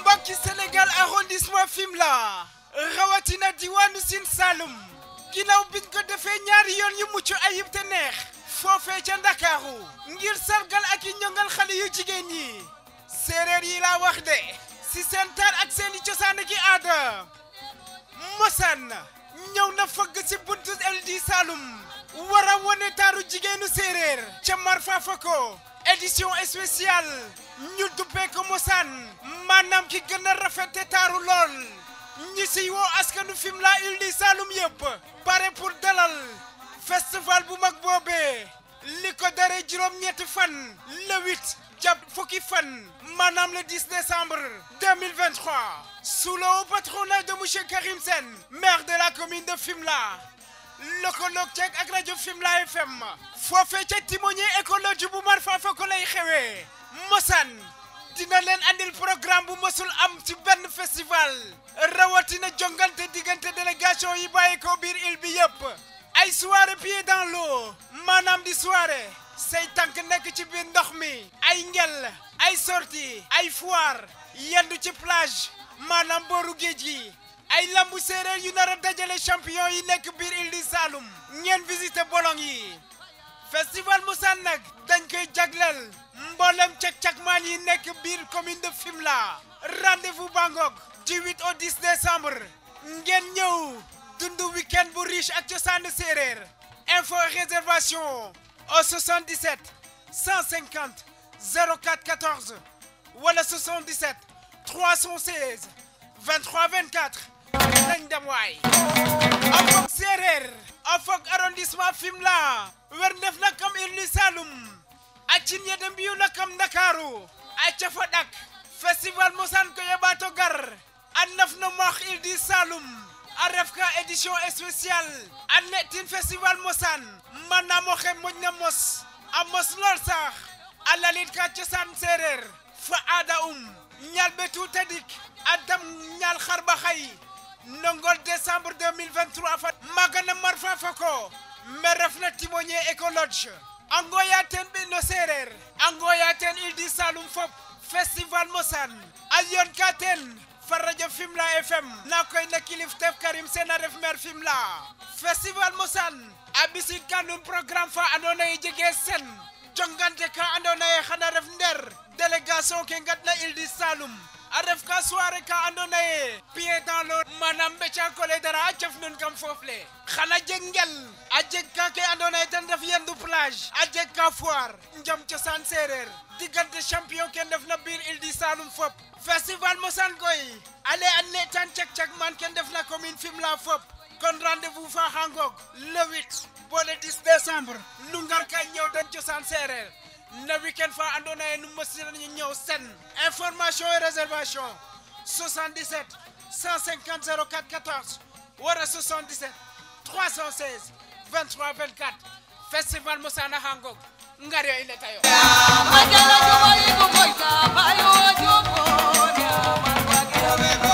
mbokki Sénégal arrondissement Fimela rawatina diwaanu Sine Saloum ginnaaw biñ ko defee ñaari yoon yu mucc ayib te neex foofee ca Ndakaaru ngir sargal ak i ñongal xale yu jigéen ñi yi laa wax de si seen ak seeni cosaan ki aada mosaan ñëw na fëgg si buntu LD Saloum war a wane serer ci édition spéciale ñu duppee ko mosaan manam ki gën a rafete taaru lool ñi siy askanu Saloum pare pour dalal festival bu mag boobee liko juroom fan le 8 jàpp fukki fan Manam le 10 décembre 2023 sous le haut patronage de monsieur Karim maire de la commune de Fimla. lëkkaloog ceeg ak rajo Fimela FM foofee ca timoñe écologie bu Marfa fa ko lay xewee mosaan dina leen andil programme bu mësul am ci benn festival na jongante diggante délégation yi bàyyi ko biir île bi yëpp ay soirée pieds dans l'eau maanaam di soirée say tànk nekk ci biir ndox mi ay ngel ay sortie ay foire yendu ci plage maanaam booru géej gi ay lambu séeréer yu nar a dajale champion yi nekk biir il du Saloum ngeen visité bolong festival Moussanek, nag dañ koy jagleel mboolem cak-cakmaan yi nekk biir commune de Fimla. rendez-vous Bangkok, du 8 au 10 décembre ngeen ñëw dund week-end bu riche ak de séréer info réservation au 77 150 04 14 wala 77 316 23 24 dañ a foog séeréer a foog arrondissement Fimela wer ndef na kam irni Saloum a kam Ndakaaru a festival mosaan ko a naf no moox irdi Saloum édition spéciale a ne'tin festival mosaan manam oxe moƴna a mos lool sax a lalit ka cosaan séeréer fa aada nongol décembre 2023 fat magana marfa foko me refna timonier écologe angoyaten ɓe no sereer angoyaten ildi salum fop festival mosan alion katen farajo fimla fm nakoy na kiliftef karim sena ref maire fimla festival mosan a ɓisid kanum programme fa andona ye jege sen jongante ka andona ye xana ref nder délégation ke ngadna ildi salum arrefka soirée ka andona ye pied dans l'eau manam ɓecakole dara chef nun kam foof le xana jeg ngel a jeg ka ke andona ye ten ref yendu plage a jeg ka foire njam san serer digante champion ke def na bir il di salum fop festival mosan koy ale a tan chak chak man ke def na commune la fop kon rendez-vous fa hangok le 8 bo le 10 décembre nu ngar ka tan ci san serer le week-end fa andona nous information et réservation 77 150 04 14 77 316 23 24 festival Mosana Hangok. Ngaria yo